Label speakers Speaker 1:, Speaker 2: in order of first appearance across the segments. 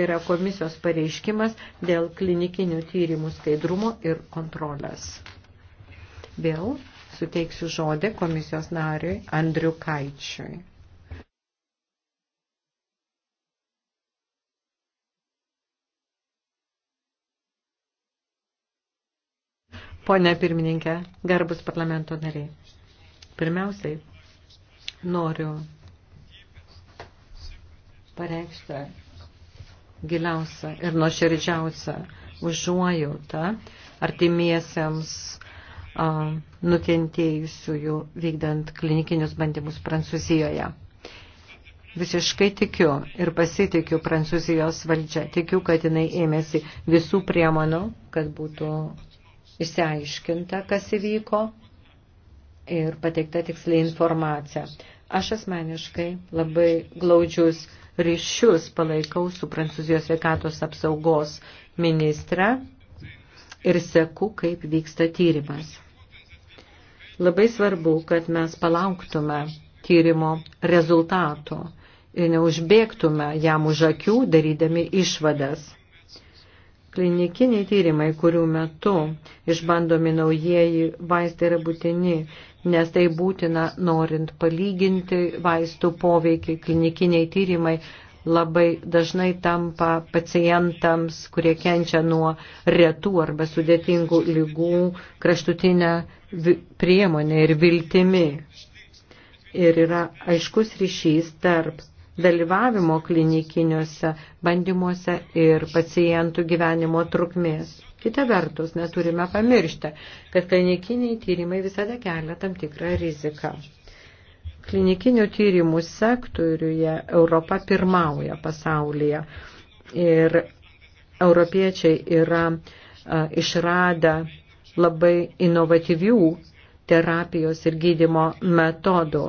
Speaker 1: Tai yra komisijos pareiškimas dėl klinikinių tyrimų skaidrumo ir kontrolės. Vėl suteiksiu žodį komisijos nariui Andriu Kaičiui. Pone pirmininkė, garbus parlamento nariai. Pirmiausiai noriu pareikštą giliausia ir nuoširdžiausia užuojauta artimiesiems a, nukentėjusiųjų vykdant klinikinius bandymus Prancūzijoje. Visiškai tikiu ir pasitikiu Prancūzijos valdžia. Tikiu, kad jinai ėmėsi visų priemonių, kad būtų išsiaiškinta, kas įvyko ir pateikta tiksliai informacija. Aš asmeniškai labai glaudžius ryšius palaikau su Prancūzijos sveikatos apsaugos ministra ir seku, kaip vyksta tyrimas. Labai svarbu, kad mes palauktume tyrimo rezultato ir neužbėgtume jam už akių, darydami išvadas. Klinikiniai tyrimai, kurių metu išbandomi naujieji vaistai yra būtini, nes tai būtina norint palyginti vaistų poveikį. Klinikiniai tyrimai labai dažnai tampa pacientams, kurie kenčia nuo retų arba sudėtingų lygų, kraštutinę priemonę ir viltimi. Ir yra aiškus ryšys tarp dalyvavimo klinikiniuose bandymuose ir pacientų gyvenimo trukmės. Kita vertus, neturime pamiršti, kad klinikiniai tyrimai visada kelia tam tikrą riziką. Klinikinių tyrimų sektoriuje Europa pirmauja pasaulyje ir europiečiai yra a, išradę labai inovatyvių terapijos ir gydimo metodų.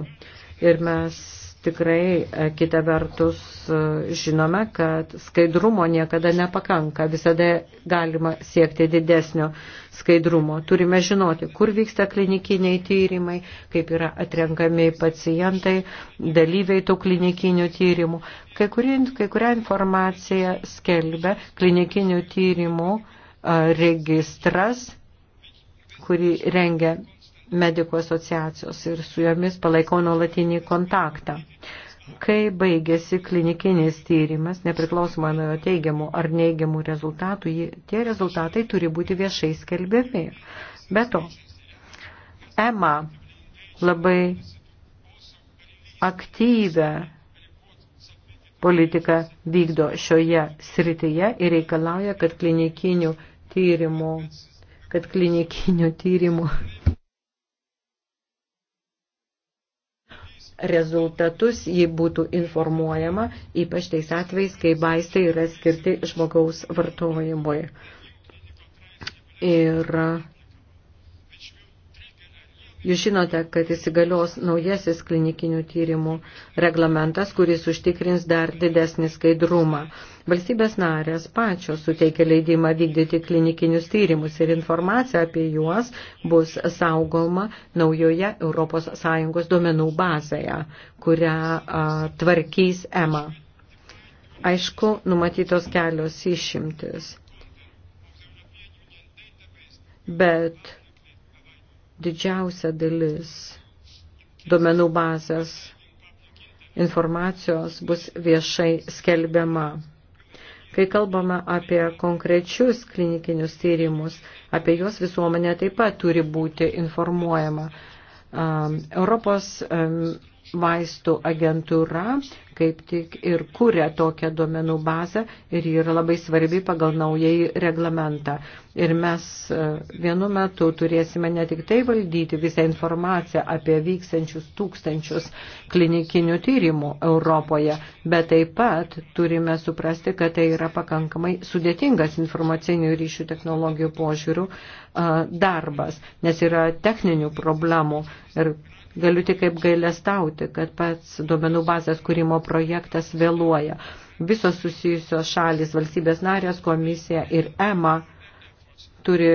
Speaker 1: Ir mes tikrai e, kita vertus e, žinome, kad skaidrumo niekada nepakanka, visada galima siekti didesnio skaidrumo. Turime žinoti, kur vyksta klinikiniai tyrimai, kaip yra atrenkami pacientai, dalyviai tų klinikinių tyrimų. Kai, kuri, kai kurią informaciją skelbia klinikinių tyrimų e, registras, kurį rengia medikų asociacijos ir su jomis palaikau nuolatinį kontaktą. Kai baigėsi klinikinis tyrimas, nepriklausomai nuo jo teigiamų ar neigiamų rezultatų, tie rezultatai turi būti viešai skelbiami. Be to, EMA labai aktyvę politiką vykdo šioje srityje ir reikalauja, kad klinikinių tyrimų, kad klinikinių tyrimų rezultatus ji būtų informuojama, ypač tais atvejais, kai vaistai yra skirti žmogaus vartojimui. Ir Jūs žinote, kad įsigalios naujasis klinikinių tyrimų reglamentas, kuris užtikrins dar didesnį skaidrumą. Valstybės narės pačios suteikia leidimą vykdyti klinikinius tyrimus ir informacija apie juos bus saugoma naujoje ES duomenų bazėje, kurią a, tvarkys EMA. Aišku, numatytos kelios išimtis. Bet didžiausia dalis duomenų bazės informacijos bus viešai skelbiama. Kai kalbame apie konkrečius klinikinius tyrimus, apie juos visuomenė taip pat turi būti informuojama. Europos vaistų agentūra kaip tik ir kūrė tokią duomenų bazę ir yra labai svarbi pagal naujai reglamentą. Ir mes e, vienu metu turėsime ne tik tai valdyti visą informaciją apie vykstančius tūkstančius klinikinių tyrimų Europoje, bet taip pat turime suprasti, kad tai yra pakankamai sudėtingas informacinių ryšių technologijų požiūrių e, darbas, nes yra techninių problemų ir Galiu tik kaip gailestauti, kad pats duomenų bazės kūrimo projektas vėluoja. Visos susijusios šalis, valstybės narės, komisija ir EMA turi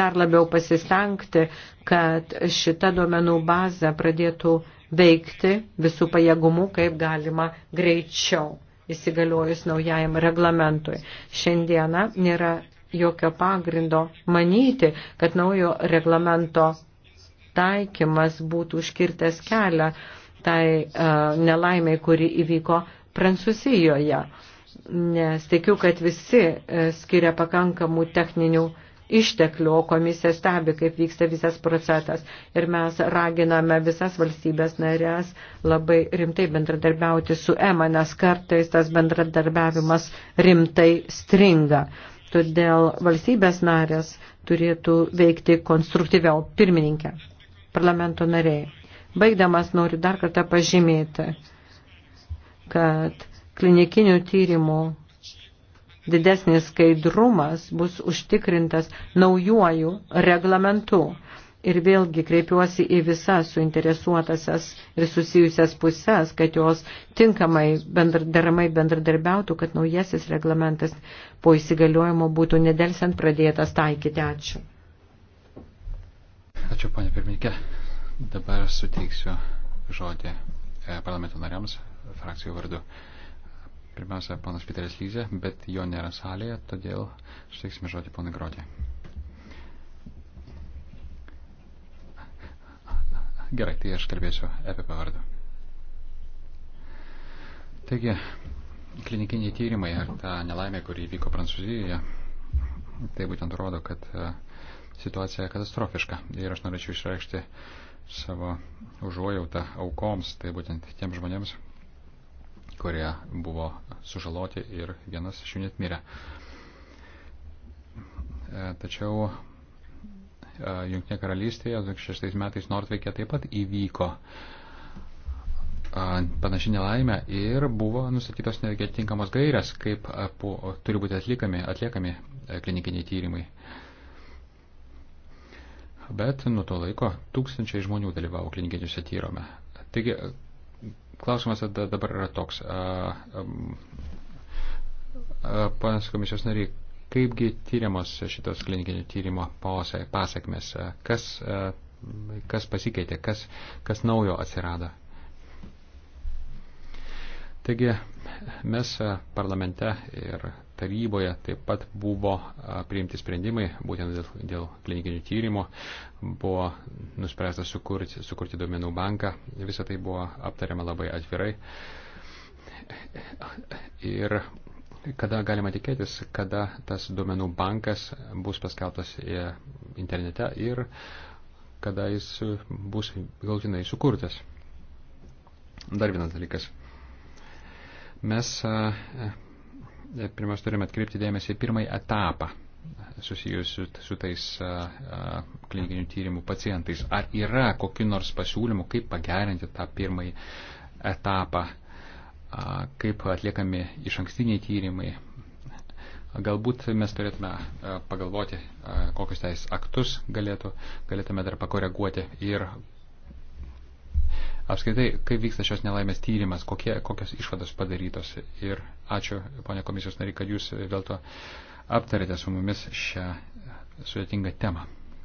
Speaker 1: dar labiau pasistengti, kad šita duomenų bazė pradėtų veikti visų pajėgumų, kaip galima greičiau įsigaliojus naujajam reglamentui. Šiandieną nėra jokio pagrindo manyti, kad naujo reglamento taikymas būtų užkirtęs kelią tai uh, nelaimiai, kuri įvyko Prancūzijoje. Nes tikiu, kad visi e, skiria pakankamų techninių išteklių, o komisija stebi, kaip vyksta visas procesas. Ir mes raginame visas valstybės narės labai rimtai bendradarbiauti su EMA, nes kartais tas bendradarbiavimas rimtai stringa. Todėl valstybės narės turėtų veikti konstruktyviau. Pirmininkė parlamento nariai. Baigdamas noriu dar kartą pažymėti, kad klinikinių tyrimų didesnis skaidrumas bus užtikrintas naujuoju reglamentu. Ir vėlgi kreipiuosi į visas suinteresuotasias ir susijusias pusės, kad jos tinkamai bendra, deramai bendradarbiautų, kad naujasis reglamentas po įsigaliojimo būtų nedelsiant pradėtas taikyti. Ačiū.
Speaker 2: Ačiū, ponė pirmininkė. Dabar suteiksiu žodį e, parlamento nariams frakcijų vardu. Pirmiausia, panas Piteris Lyzė, bet jo nėra salėje, todėl suteiksime žodį ponui Grodė. Gerai, tai aš kalbėsiu apie pavardą. Taigi, klinikiniai tyrimai ir ta nelaimė, kuri įvyko Prancūzijoje, tai būtent rodo, kad e, situacija katastrofiška ir aš norėčiau išreikšti savo užuojautą aukoms, tai būtent tiem žmonėms, kurie buvo sužaloti ir vienas iš jų net mirė. E, tačiau e, Junktinė karalystėje 2006 metais Nordveikė taip pat įvyko e, panaši nelaimė ir buvo nustatytos netgi atitinkamos gairias, kaip turi būti atlikami, atliekami klinikiniai tyrimai bet nuo to laiko tūkstančiai žmonių dalyvavo klinikiniuose tyrome. Taigi, klausimas dabar yra toks. Panas komisijos nariai, kaipgi tyriamos šitos klinikinio tyrimo pasakmes, kas, kas pasikeitė, kas, kas naujo atsirado. Taigi, Mes parlamente ir taryboje taip pat buvo priimti sprendimai, būtent dėl, dėl klinikinių tyrimų, buvo nuspręsta sukurti, sukurti duomenų banką, visą tai buvo aptariama labai atvirai. Ir kada galima tikėtis, kada tas duomenų bankas bus paskeltas e, internete ir kada jis bus galtinai sukurtas. Dar vienas dalykas. Mes e, pirmiausia turime atkreipti dėmesį į pirmąjį etapą susijusiu su tais klinikinių tyrimų pacientais. Ar yra kokiu nors pasiūlymu, kaip pagerinti tą pirmąjį etapą, kaip atliekami iš ankstiniai tyrimai. Galbūt mes turėtume pagalvoti, kokius teis aktus galėtų, galėtume dar pakoreguoti ir Apskaitai, kaip vyksta šios nelaimės tyrimas, kokie, kokios išvados padarytos. Ir ačiū, ponė komisijos nariai, kad jūs dėl to aptarėte su mumis šią sudėtingą temą,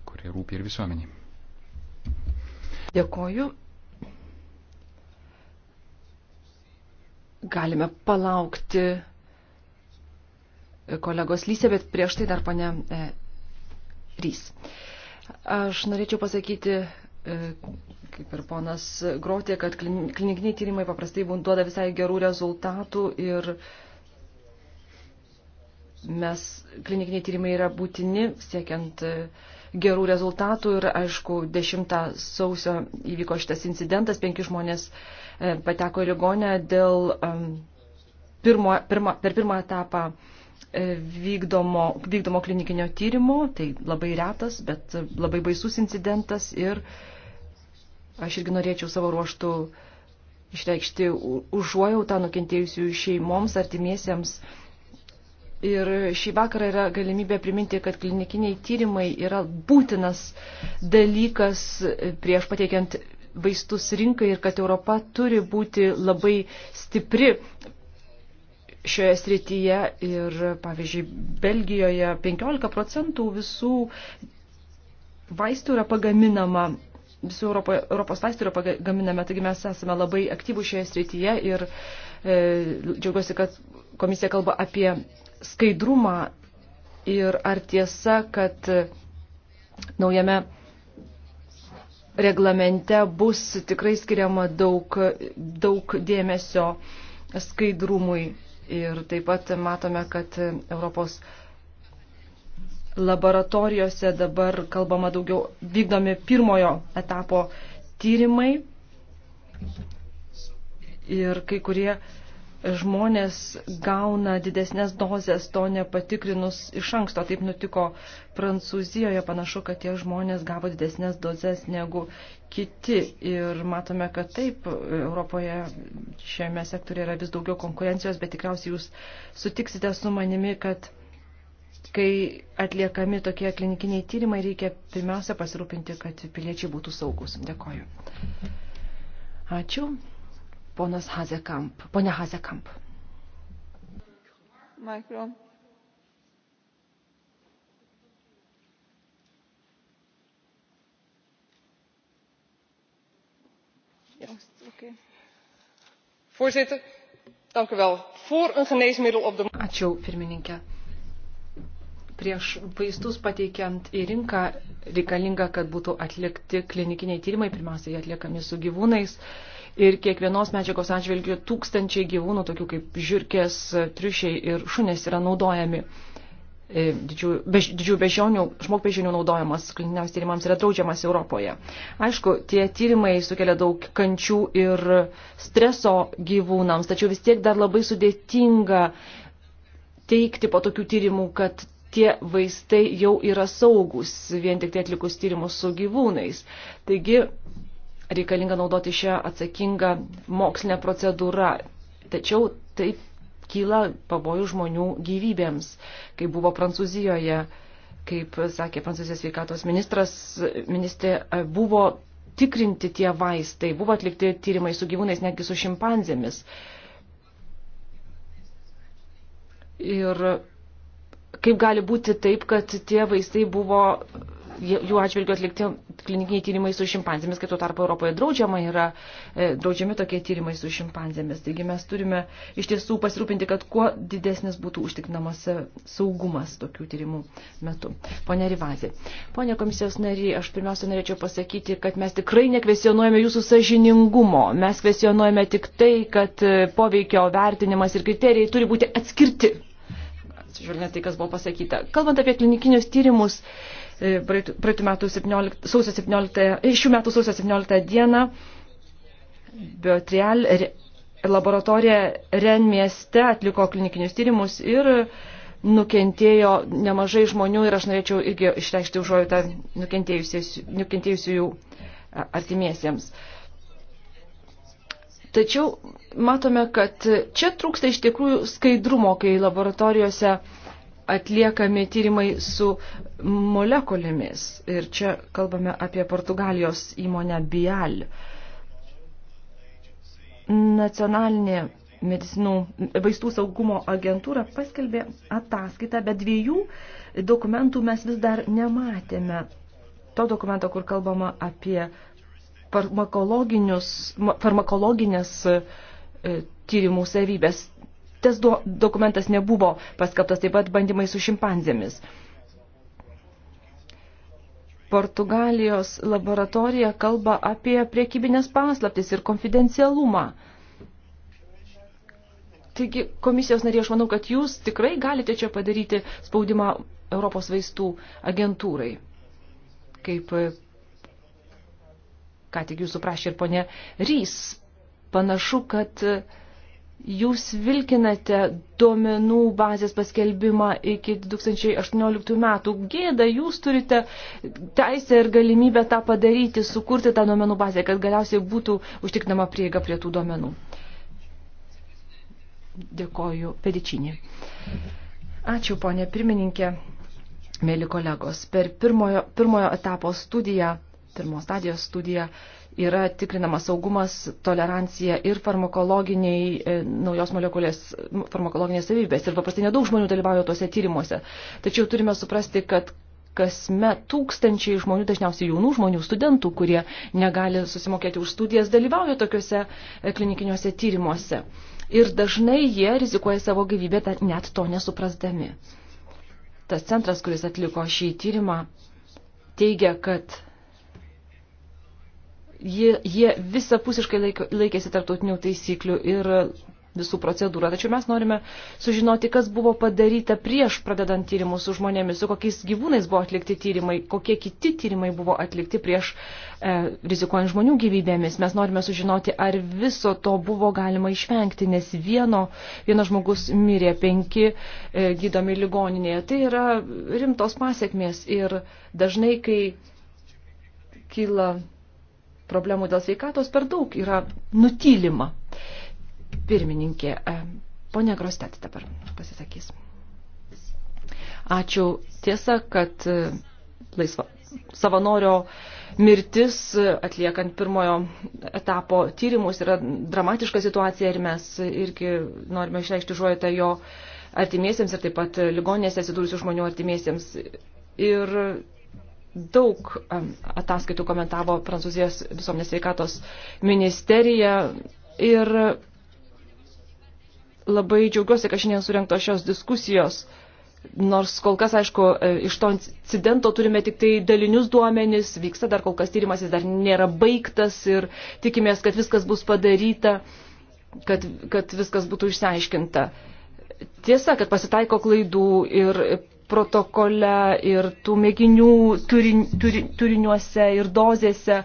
Speaker 2: kuri rūpi ir visuomenį.
Speaker 3: Dėkoju. Galime palaukti kolegos Lysė, bet prieš tai dar pane e, Rys. Aš norėčiau pasakyti E, kaip ir ponas Grotė, kad klinikiniai tyrimai paprastai duoda visai gerų rezultatų ir mes klinikiniai tyrimai yra būtini siekiant e, gerų rezultatų ir aišku 10 sausio įvyko šitas incidentas, penki žmonės e, pateko į ligonę dėl pirmo, pirma, per pirmą etapą vykdomo, vykdomo klinikinio tyrimo, tai labai retas, bet labai baisus incidentas ir uh, Aš irgi norėčiau savo ruoštų išreikšti užuojautą nukentėjusių šeimoms, artimiesiems. Ir šį vakarą yra galimybė priminti, kad klinikiniai tyrimai yra būtinas dalykas prieš pateikiant vaistus rinkai ir kad Europa turi būti labai stipri šioje srityje. Ir pavyzdžiui, Belgijoje 15 procentų visų vaistų yra pagaminama visų Europo, Europos laisterių pagaminame, taigi mes esame labai aktyvų šioje srityje ir e, džiaugiuosi, kad komisija kalba apie skaidrumą ir ar tiesa, kad e, naujame reglamente bus tikrai skiriama daug, daug dėmesio skaidrumui ir taip pat matome, kad Europos laboratorijose dabar kalbama daugiau vykdomi pirmojo etapo tyrimai ir kai kurie žmonės gauna didesnės dozes to nepatikrinus iš anksto. Taip nutiko Prancūzijoje, panašu, kad tie žmonės gavo didesnės dozes negu kiti. Ir matome, kad taip, Europoje šiame sektorėje yra vis daugiau konkurencijos, bet tikriausiai jūs sutiksite su manimi, kad kai atliekami tokie klinikiniai tyrimai, reikia pirmiausia pasirūpinti, kad piliečiai būtų saugus. Dėkoju. Ačiū. Ponas Hazekamp. Pone Hazekamp. Mikro. Voorzitter, dank u wel. Voor een geneesmiddel op de. Ačiū, pirmininkė prieš vaistus pateikiant į rinką reikalinga, kad būtų atlikti klinikiniai tyrimai, pirmiausia, jie atliekami su gyvūnais. Ir kiekvienos medžiagos atžvilgių tūkstančiai gyvūnų, tokių kaip žiūrkės, triušiai ir šunės, yra naudojami. E, didžių, bež, didžių bežionių, žmogbežionių naudojimas klinikiniams tyrimams yra draudžiamas Europoje. Aišku, tie tyrimai sukelia daug kančių ir streso gyvūnams, tačiau vis tiek dar labai sudėtinga teikti po tokių tyrimų, kad tie vaistai jau yra saugus, vien tik tai atlikus tyrimus su gyvūnais. Taigi reikalinga naudoti šią atsakingą mokslinę procedūrą. Tačiau taip kyla pavojų žmonių gyvybėms, kaip buvo Prancūzijoje, kaip sakė Prancūzijos sveikatos ministras, ministrė, buvo tikrinti tie vaistai, buvo atlikti tyrimai su gyvūnais, netgi su šimpanzėmis. Ir kaip gali būti taip, kad tie vaistai buvo, jų atžvilgiu atlikti klinikiniai tyrimai su šimpanzėmis, kai tuo tarpu Europoje draudžiama yra, e, draudžiami tokie tyrimai su šimpanzėmis. Taigi mes turime iš tiesų pasirūpinti, kad kuo didesnis būtų užtikrinamas e, saugumas tokių tyrimų metu. Pone Rivazė. Pone komisijos nariai, aš pirmiausia norėčiau pasakyti, kad mes tikrai nekvesionuojame jūsų sažiningumo. Mes kvesionuojame tik tai, kad e, poveikio vertinimas ir kriterijai turi būti atskirti atsižvelgiant tai, kas buvo pasakyta. Kalbant apie klinikinius tyrimus, e, praeitų metų 17, sausio 17, e, šių metų sausio 17 dieną Biotrial laboratorija Ren mieste atliko klinikinius tyrimus ir nukentėjo nemažai žmonių ir aš norėčiau irgi išreikšti užuojautą nukentėjusiųjų artimiesiems. Uh, Tačiau matome, kad čia trūksta iš tikrųjų skaidrumo, kai laboratorijose atliekami tyrimai su molekulėmis. Ir čia kalbame apie Portugalijos įmonę Bial. Nacionalinė medicinų vaistų saugumo agentūra paskelbė ataskaitą, bet dviejų dokumentų mes vis dar nematėme. To dokumento, kur kalbama apie farmakologinės e, tyrimų savybės. Tas do, dokumentas nebuvo paskaptas taip pat bandymai su šimpanzėmis. Portugalijos laboratorija kalba apie priekybinės paslaptis ir konfidencialumą. Taigi, komisijos narė, aš manau, kad jūs tikrai galite čia padaryti spaudimą Europos vaistų agentūrai, kaip ką tik jūsų prašė ir ponė Rys. Panašu, kad jūs vilkinate duomenų bazės paskelbimą iki 2018 metų. Gėda, jūs turite teisę ir galimybę tą padaryti, sukurti tą duomenų bazę, kad galiausiai būtų užtikrinama prieiga prie tų duomenų. Dėkoju, Pedičinė. Ačiū, ponė pirmininkė, mėly kolegos. Per pirmojo, pirmojo etapo studiją pirmos stadijos studija yra tikrinamas saugumas, tolerancija ir farmakologiniai e, naujos molekulės farmakologinės savybės. Ir paprastai nedaug žmonių dalyvauja tuose tyrimuose. Tačiau turime suprasti, kad kasme tūkstančiai žmonių, dažniausiai jaunų žmonių, studentų, kurie negali susimokėti už studijas, dalyvauja tokiuose e, klinikiniuose tyrimuose. Ir dažnai jie rizikuoja savo gyvybę net to nesuprasdami. Tas centras, kuris atliko šį tyrimą, teigia, kad jie, jie visapusiškai laikėsi tarptautinių taisyklių ir visų procedūrą. Tačiau mes norime sužinoti, kas buvo padaryta prieš pradedant tyrimus su žmonėmis, su kokiais gyvūnais buvo atlikti tyrimai, kokie kiti tyrimai buvo atlikti prieš e, rizikuojant žmonių gyvybėmis. Mes norime sužinoti, ar viso to buvo galima išvengti, nes vieno, vienas žmogus mirė, penki e, gydomi ligoninėje. Tai yra rimtos pasiekmės ir dažnai, kai kyla problemų dėl sveikatos per daug yra nutylima. Pirmininkė, e, ponė Grostet dabar pasisakys. Ačiū. Tiesa, kad e, laisva, savanorio mirtis e, atliekant pirmojo etapo tyrimus yra dramatiška situacija ir mes irgi norime išreikšti žuojate jo artimiesiems ir taip pat ligoninėse atsidūrusių žmonių artimiesiems. Ir daug ataskaitų komentavo Prancūzijos visuomenės sveikatos ministerija ir labai džiaugiuosi, kad šiandien surinktos šios diskusijos. Nors kol kas, aišku, e, iš to incidento turime tik tai dalinius duomenis, vyksta dar kol kas tyrimas, jis dar nėra baigtas ir tikimės, kad viskas bus padaryta, kad, kad viskas būtų išsiaiškinta. Tiesa, kad pasitaiko klaidų ir protokole ir tų mėginių turin, turin, turiniuose ir dozėse,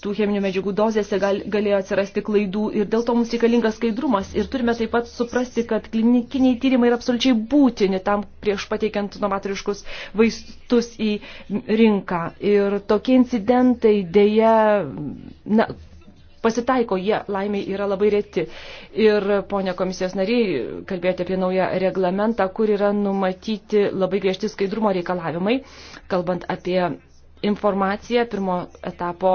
Speaker 3: tų cheminių medžiagų dozėse gal, galėjo atsirasti klaidų ir dėl to mums reikalingas skaidrumas. Ir turime taip pat suprasti, kad klinikiniai tyrimai yra absoliučiai būtini tam prieš pateikiant novatoriškus vaistus į rinką. Ir tokie incidentai dėja, na, pasitaiko, jie laimiai yra labai reti. Ir, ponia komisijos nariai, kalbėjote apie naują reglamentą, kur yra numatyti labai griežti skaidrumo reikalavimai, kalbant apie informaciją, pirmo etapo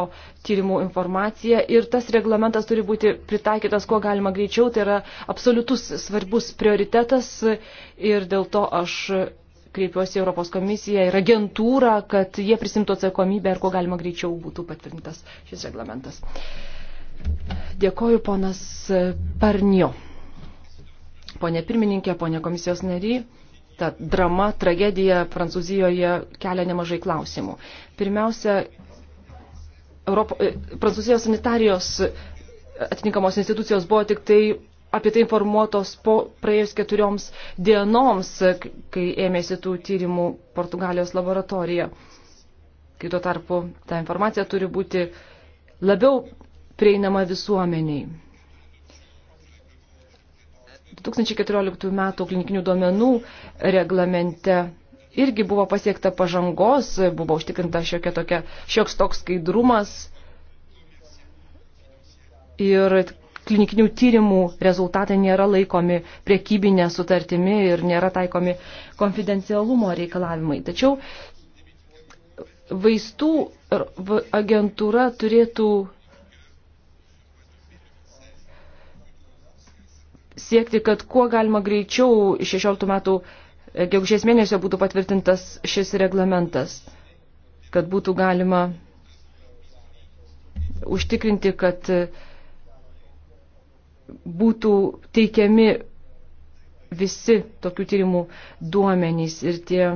Speaker 3: tyrimų informaciją ir tas reglamentas turi būti pritaikytas kuo galima greičiau, tai yra absoliutus svarbus prioritetas ir dėl to aš kreipiuosi Europos komisiją ir agentūrą, kad jie prisimtų atsakomybę ir kuo galima greičiau būtų patvirtintas šis reglamentas. Uh, Dėkoju ponas Parnio. Pone pirmininkė, pone komisijos nary, ta drama, tragedija Prancūzijoje kelia nemažai klausimų. Pirmiausia, Europo, e, Prancūzijos sanitarijos atitinkamos institucijos buvo tik tai apie tai informuotos po praėjus keturioms dienoms, kai ėmėsi tų tyrimų Portugalijos laboratorija. Kai tuo tarpu ta informacija turi būti labiau prieinama visuomeniai. 2014 m. klinikinių duomenų reglamente irgi buvo pasiekta pažangos, buvo užtikrinta šiokia tokia, šioks toks skaidrumas ir klinikinių tyrimų rezultatai nėra laikomi priekybinė sutartimi ir nėra taikomi konfidencialumo reikalavimai. Tačiau vaistų agentūra turėtų siekti, kad kuo galima greičiau 16 metų e, gegužės mėnesio būtų patvirtintas šis reglamentas, kad būtų galima užtikrinti, kad e, būtų teikiami visi tokių tyrimų duomenys ir tie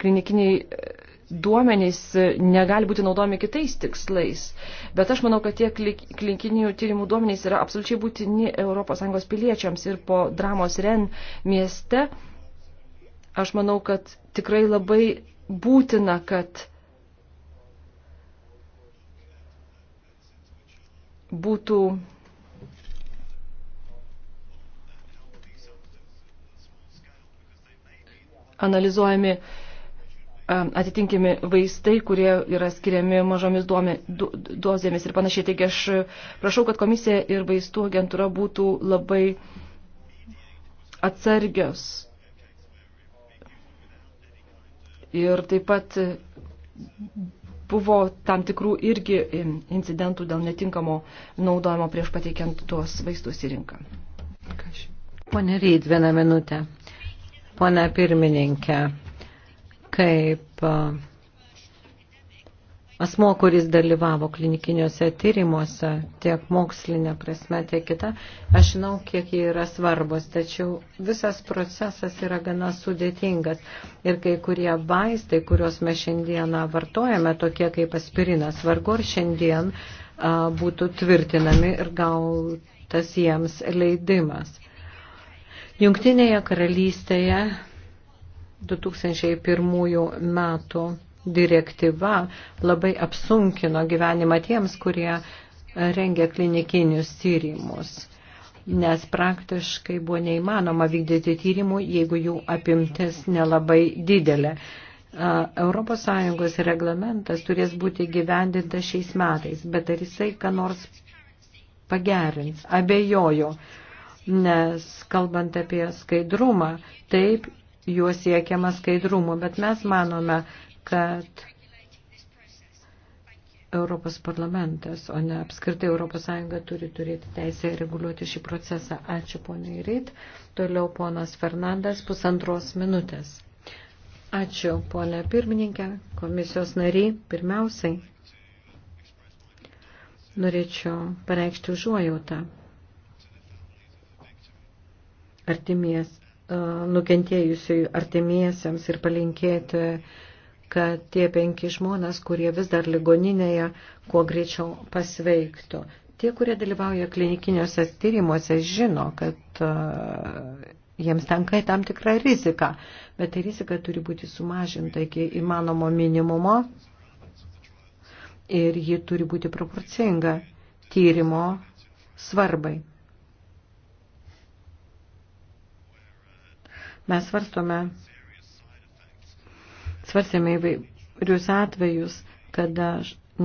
Speaker 3: klinikiniai e, duomenys negali būti naudojami kitais tikslais. Bet aš manau, kad tie klinikinių tyrimų duomenys yra absoliučiai būtini ES piliečiams ir po dramos Ren mieste. Aš manau, kad tikrai labai būtina, kad būtų analizuojami uh, atitinkimi vaistai, kurie yra skiriami mažomis duome, du, dozėmis ir panašiai. Taigi aš prašau, kad komisija ir vaistų agentūra būtų labai atsargios. Ir taip pat buvo tam tikrų irgi incidentų dėl netinkamo naudojimo prieš pateikiant tuos vaistus į rinką.
Speaker 1: Pone Ryd, vieną minutę. Pone pirmininkė, kaip asmo, kuris dalyvavo klinikiniuose tyrimuose, tiek mokslinė prasme, tiek kita, aš žinau, kiek jie yra svarbus, tačiau visas procesas yra gana sudėtingas ir kai kurie vaistai, kuriuos mes šiandieną vartojame, tokie kaip aspirinas, vargu ar šiandien a, būtų tvirtinami ir gautas jiems leidimas. Jungtinėje karalystėje 2001 metų direktyva labai apsunkino gyvenimą tiems, kurie rengia klinikinius tyrimus, nes praktiškai buvo neįmanoma vykdyti tyrimų, jeigu jų apimtis nelabai didelė. ES reglamentas turės būti gyvendintas šiais metais, bet ar jisai ką nors pagerins? Abejoju, nes kalbant apie skaidrumą, taip juo siekiama skaidrumo, bet mes manome, kad Europos parlamentas, o ne apskritai Europos Sąjunga turi turėti teisę reguliuoti šį procesą. Ačiū poniai Reit. Toliau ponas Fernandas pusantros minutės. Ačiū, ponė pirmininkė, komisijos nariai. Pirmiausiai norėčiau pareikšti užuojautą artimies, nukentėjusiųjų artimiesiems ir palinkėti, kad tie penki žmonės, kurie vis dar ligoninėje, kuo greičiau pasveiktų. Tie, kurie dalyvauja klinikiniuose tyrimuose, žino, kad e, jiems tenka tam tikra rizika, bet ta rizika turi būti sumažinta iki įmanomo minimumo ir ji turi būti proporcinga tyrimo svarbai. Mes svarstome, svarstėme įvairius atvejus, kada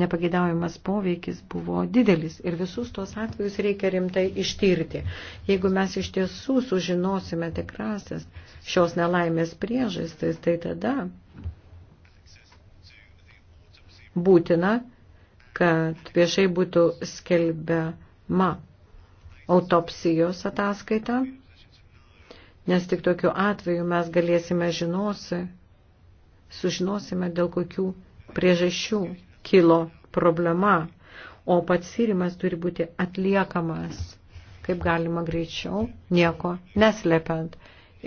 Speaker 1: nepageidaujamas poveikis buvo didelis ir visus tuos atvejus reikia rimtai ištirti. Jeigu mes iš tiesų sužinosime tikrasis šios nelaimės priežastis, tai tada būtina, kad viešai būtų skelbiama autopsijos ataskaita nes tik tokiu atveju mes galėsime žinosi, sužinosime, dėl kokių priežasčių kilo problema, o pats tyrimas turi būti atliekamas, kaip galima greičiau, nieko neslepiant.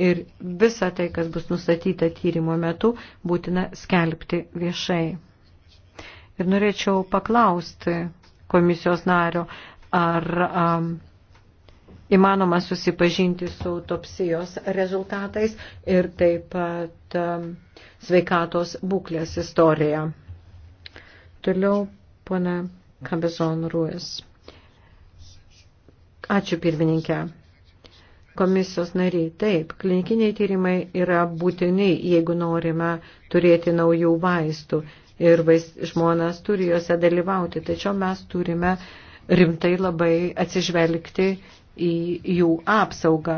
Speaker 1: Ir visa tai, kas bus nustatyta tyrimo metu, būtina skelbti viešai. Ir norėčiau paklausti komisijos nario, ar um, įmanoma susipažinti su autopsijos rezultatais ir taip pat um, sveikatos būklės istorija. Toliau, pana Kabezon Ruiz. Ačiū pirmininkė. Komisijos nariai, taip, klinikiniai tyrimai yra būtini, jeigu norime turėti naujų vaistų ir vaist, žmonės turi juose dalyvauti. Tačiau mes turime rimtai labai atsižvelgti į jų apsaugą,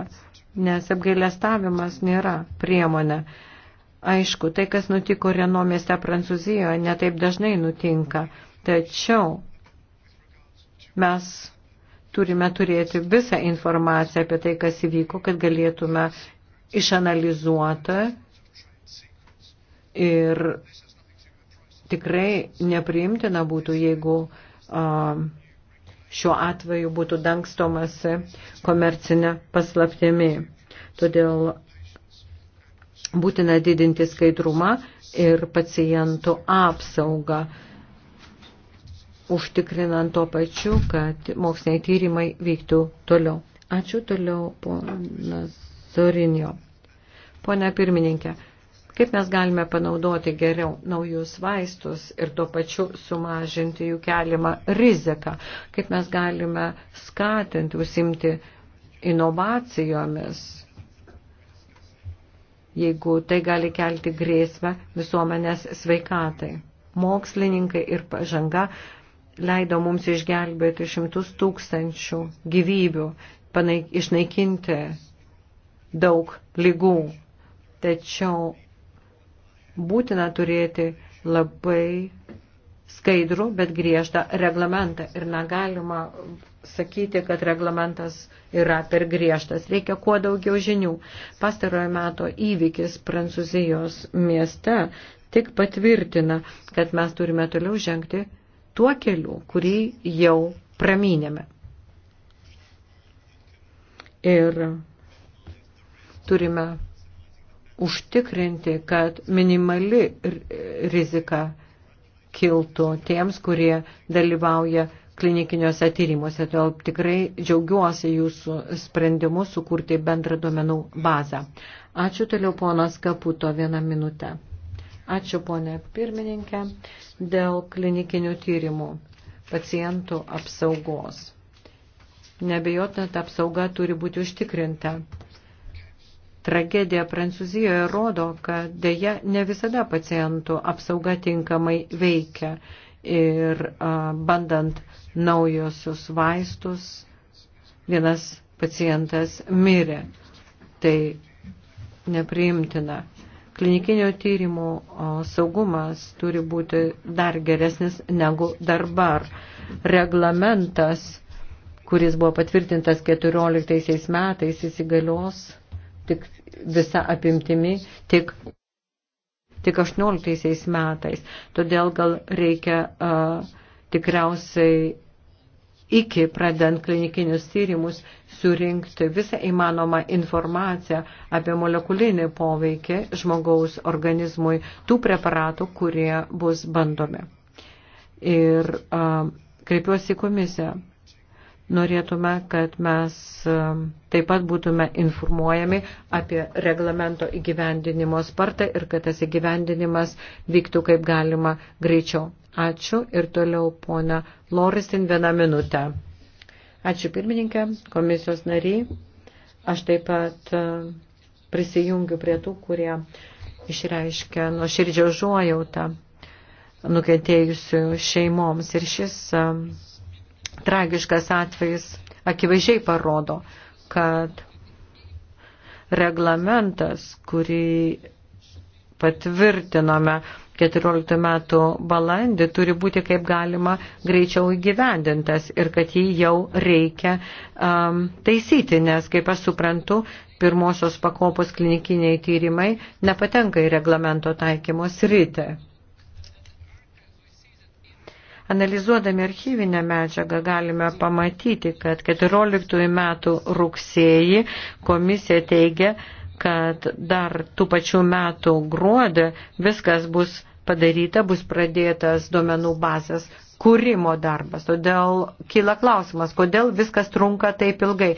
Speaker 1: nes apgailestavimas nėra priemonė. Aišku, tai, kas nutiko Reno mieste Prancūzijoje, netaip dažnai nutinka, tačiau mes turime turėti visą informaciją apie tai, kas įvyko, kad galėtume išanalizuoti ir tikrai nepriimtina būtų, jeigu uh, um, šiuo atveju būtų dangstomas komercinė paslaptimi. Todėl būtina didinti skaidrumą ir pacientų apsaugą, užtikrinant to pačiu, kad moksliniai tyrimai vyktų toliau. Ačiū toliau, ponas Zorinio. Pone pirmininkė, Kaip mes galime panaudoti geriau naujus vaistus ir tuo pačiu sumažinti jų keliamą riziką? Kaip mes galime skatinti, užsimti inovacijomis, jeigu tai gali kelti grėsmę visuomenės sveikatai? Mokslininkai ir pažanga leido mums išgelbėti šimtus tūkstančių gyvybių, panaik, išnaikinti daug lygų. Tačiau būtina turėti labai skaidrų, bet griežtą reglamentą. Ir negalima sakyti, kad reglamentas yra per griežtas. Reikia kuo daugiau žinių. Pastarojo meto įvykis Prancūzijos mieste tik patvirtina, kad mes turime toliau žengti tuo keliu, kurį jau pramynėme. Ir turime užtikrinti, kad minimali rizika kiltų tiems, kurie dalyvauja klinikiniuose tyrimuose. Todėl tikrai džiaugiuosi jūsų sprendimu sukurti bendrą duomenų bazą. Ačiū toliau ponas Kaputo vieną minutę. Ačiū ponė pirmininkė dėl klinikinių tyrimų pacientų apsaugos. Nebejotina, ta apsauga turi būti užtikrinta Tragedija Prancūzijoje rodo, kad dėja ne visada pacientų apsauga tinkamai veikia ir a, bandant naujosius vaistus vienas pacientas mirė. Tai nepriimtina. Klinikinio tyrimų saugumas turi būti dar geresnis negu darbar. Reglamentas, kuris buvo patvirtintas 14 metais, įsigalios tik visą apimtimi tik, tik 18 metais. Todėl gal reikia uh, tikriausiai iki pradant klinikinius tyrimus surinkti visą įmanomą informaciją apie molekulinį poveikį žmogaus organizmui tų preparatų, kurie bus bandomi. Ir a, kreipiuosi į komisiją norėtume, kad mes um, taip pat būtume informuojami apie reglamento įgyvendinimo spartą ir kad tas įgyvendinimas vyktų kaip galima greičiau. Ačiū ir toliau pona Loristin vieną minutę. Ačiū pirmininkė, komisijos nariai. Aš taip pat um, prisijungiu prie tų, kurie išreiškia nuo širdžio žuojautą nukentėjusių šeimoms. Ir šis um, tragiškas atvejis akivaizdžiai parodo, kad reglamentas, kurį patvirtinome 14 metų balandį, turi būti kaip galima greičiau įgyvendintas ir kad jį jau reikia um, taisyti, nes, kaip aš suprantu, pirmosios pakopos klinikiniai tyrimai nepatenka į reglamento taikymo sritį. Analizuodami archyvinę medžiagą galime pamatyti, kad 14 metų rugsėjį komisija teigia, kad dar tų pačių metų gruodį viskas bus padaryta, bus pradėtas duomenų bazės kūrimo darbas. Todėl kyla klausimas, kodėl viskas trunka taip ilgai.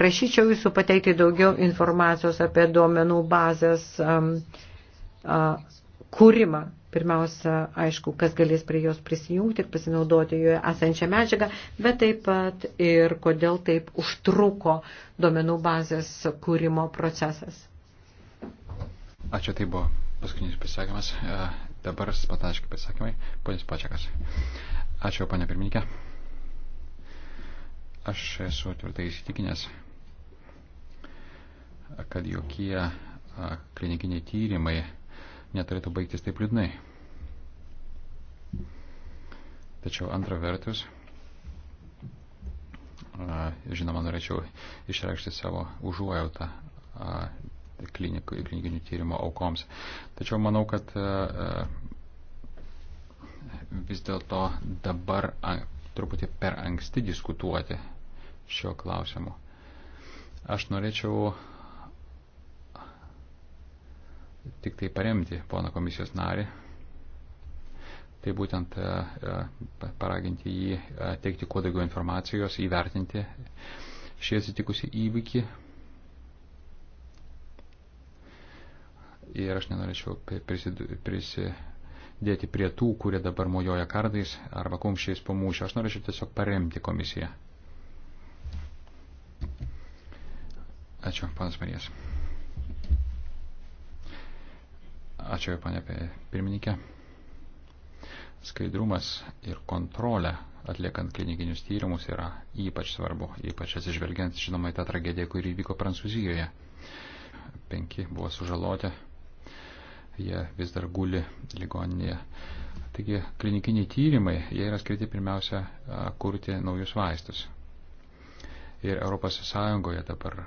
Speaker 1: Prašyčiau jūsų pateikti daugiau informacijos apie duomenų bazės um, uh, kūrimą Pirmiausia, aišku, kas galės prie jos prisijungti ir pasinaudoti joje esančią medžiagą, bet taip pat ir kodėl taip užtruko duomenų bazės kūrimo procesas.
Speaker 2: Ačiū, tai buvo paskutinis pasakymas. E, dabar spataniški pasakymai. Ponis Pačiakas. Ačiū, panė pirmininkė. Aš esu tvirtai įsitikinęs, kad jokie klinikiniai tyrimai neturėtų baigtis taip liūdnai. Tačiau antra vertus, žinoma, norėčiau išreikšti savo užuojautą klinikų, klinikinių tyrimo aukoms. Tačiau manau, kad vis dėlto dabar truputį per anksti diskutuoti šio klausimu. Aš norėčiau tik tai paremti pono komisijos narį tai būtent e, e, paraginti jį e, teikti kuo daugiau informacijos, įvertinti šį atsitikusi įvykį. Ir aš nenorėčiau prisidėti prie tų, kurie dabar mojoja kardais arba kumščiais po mūšio. Aš norėčiau tiesiog paremti komisiją. Ačiū, panas Marijas. Ačiū, panė pirmininkė. Skaidrumas ir kontrolė atliekant klinikinius tyrimus yra ypač svarbu, ypač atsižvelgiant, žinoma, į tą tragediją, kuri įvyko Prancūzijoje. Penki buvo sužaloti, jie vis dar guli ligoninėje. Taigi klinikiniai tyrimai, jie yra skirti pirmiausia kurti naujus vaistus. Ir ES dabar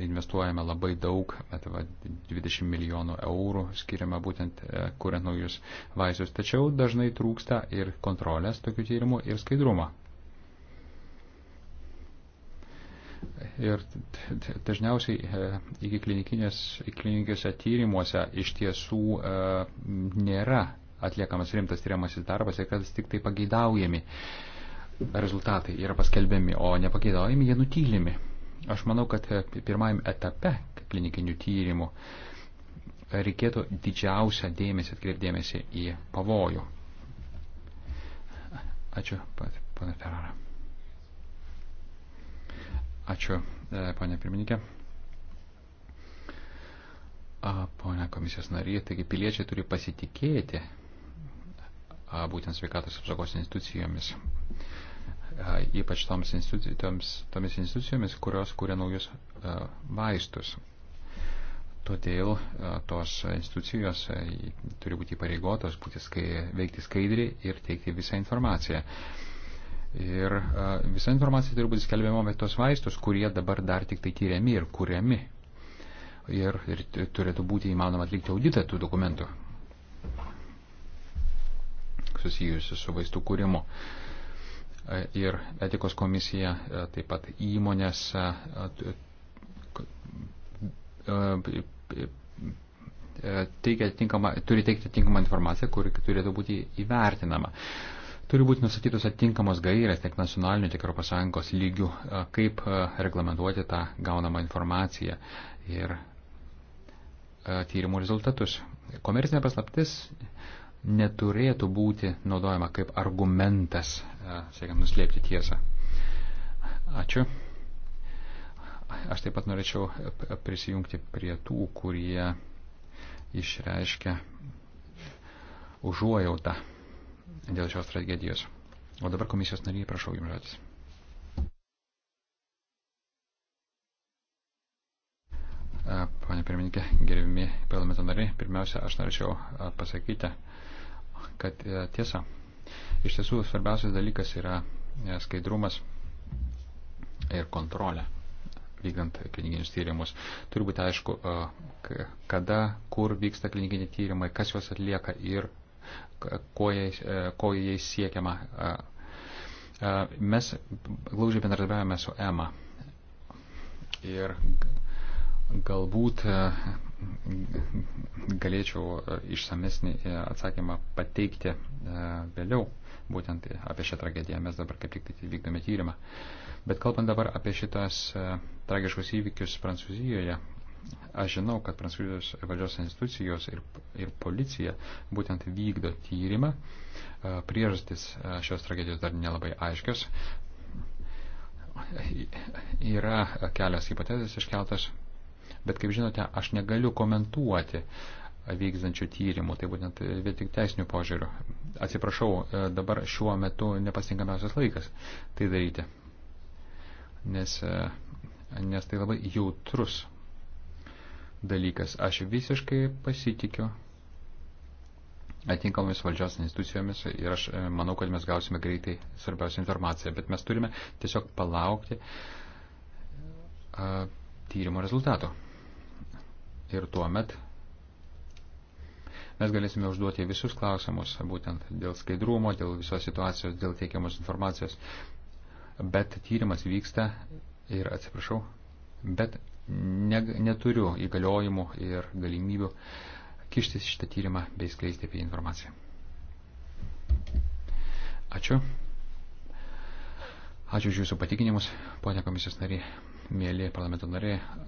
Speaker 2: investuojame labai daug, bet va, 20 milijonų eurų skiriame būtent e, kuriant naujus vaisius. Tačiau dažnai trūksta ir kontrolės tokių tyrimų ir skaidrumo. Ir dažniausiai e, iki klinikiniuose tyrimuose iš tiesų e, nėra atliekamas rimtas tyriamasis darbas ir kad tik tai pageidaujami rezultatai yra paskelbiami, o nepageidaujami jie nutylimi. Aš manau, kad e, pirmajam etape klinikinių tyrimų reikėtų didžiausią dėmesį atkreipdėmėsi į pavojų. Ačiū, pana Ferrara. Ačiū, e, pana pirmininkė. Pone komisijos narė, taigi piliečiai turi pasitikėti būtent sveikatos apsaugos institucijomis ypač toms institucijoms, tomis institucijomis, kurios kūrė naujus vaistus. Todėl tos institucijos turi būti pareigotos būti skai, veikti skaidriai ir teikti visą informaciją. Ir visa informacija turi būti skelbiama apie tos vaistus, kurie dabar dar tik tai tyriami ir kuriami. Ir, ir turėtų būti įmanoma atlikti auditą tų dokumentų susijusių su vaistų kūrimu. Uh, ir etikos komisija, e, taip pat įmonės e, e, teikia tinkamą, turi teikti tinkamą informaciją, kuri turėtų būti įvertinama. Turi būti nusatytos atitinkamos gairės tiek nacionaliniu, tiek Europos Sąjungos lygių, kaip reglamentuoti tą gaunamą informaciją ir tyrimų rezultatus. Komercinė paslaptis neturėtų būti naudojama kaip argumentas, e, siekiant nuslėpti tiesą. Ačiū. Aš taip pat norėčiau prisijungti prie tų, kurie išreiškia užuojautą dėl šios tragedijos. O dabar komisijos nariai, prašau jums žodis. Pane pirmininkė, gerbimi parlamento nariai, pirmiausia, aš norėčiau pasakyti, kad e, tiesa, iš tiesų svarbiausias dalykas yra e, skaidrumas ir kontrolė vykdant klinikinius tyrimus. Turi būti aišku, kada, kur vyksta klinikiniai tyrimai, kas juos atlieka ir ko jais, e, ko jais siekiama. Mes glaužiai bendradarbiavame su EMA ir Galbūt e, galėčiau e, išsamesnį e, atsakymą pateikti vėliau, būtent apie šią tragediją. Mes dabar kaip tik tai vykdome tyrimą. Bet kalbant dabar apie šitas tragiškus įvykius Prancūzijoje, aš žinau, kad Prancūzijos valdžios institucijos ir, ir policija būtent vykdo tyrimą. Priežastis šios tragedijos dar nelabai aiškios. Yra kelios hipotezės iškeltas Bet kaip žinote, aš negaliu komentuoti vykdančių tyrimų, tai būtent e, tik teisinių požiūrių. Atsiprašau, e, dabar šiuo metu nepasinkamiausias laikas tai daryti, nes, e, nes tai labai jautrus dalykas. Aš visiškai pasitikiu atinkamomis valdžios institucijomis ir aš manau, kad mes gausime greitai svarbiausią informaciją, bet mes turime tiesiog palaukti a, tyrimo rezultato ir tuo met mes galėsime užduoti visus klausimus, būtent dėl skaidrumo, dėl visos situacijos, dėl teikiamos informacijos. Bet tyrimas vyksta ir atsiprašau, bet ne, neturiu įgaliojimų ir galimybių kištis šitą tyrimą bei skleisti apie informaciją. Ačiū. Ačiū už Jūsų patikinimus, ponia komisijos nariai, mėly parlamento nariai.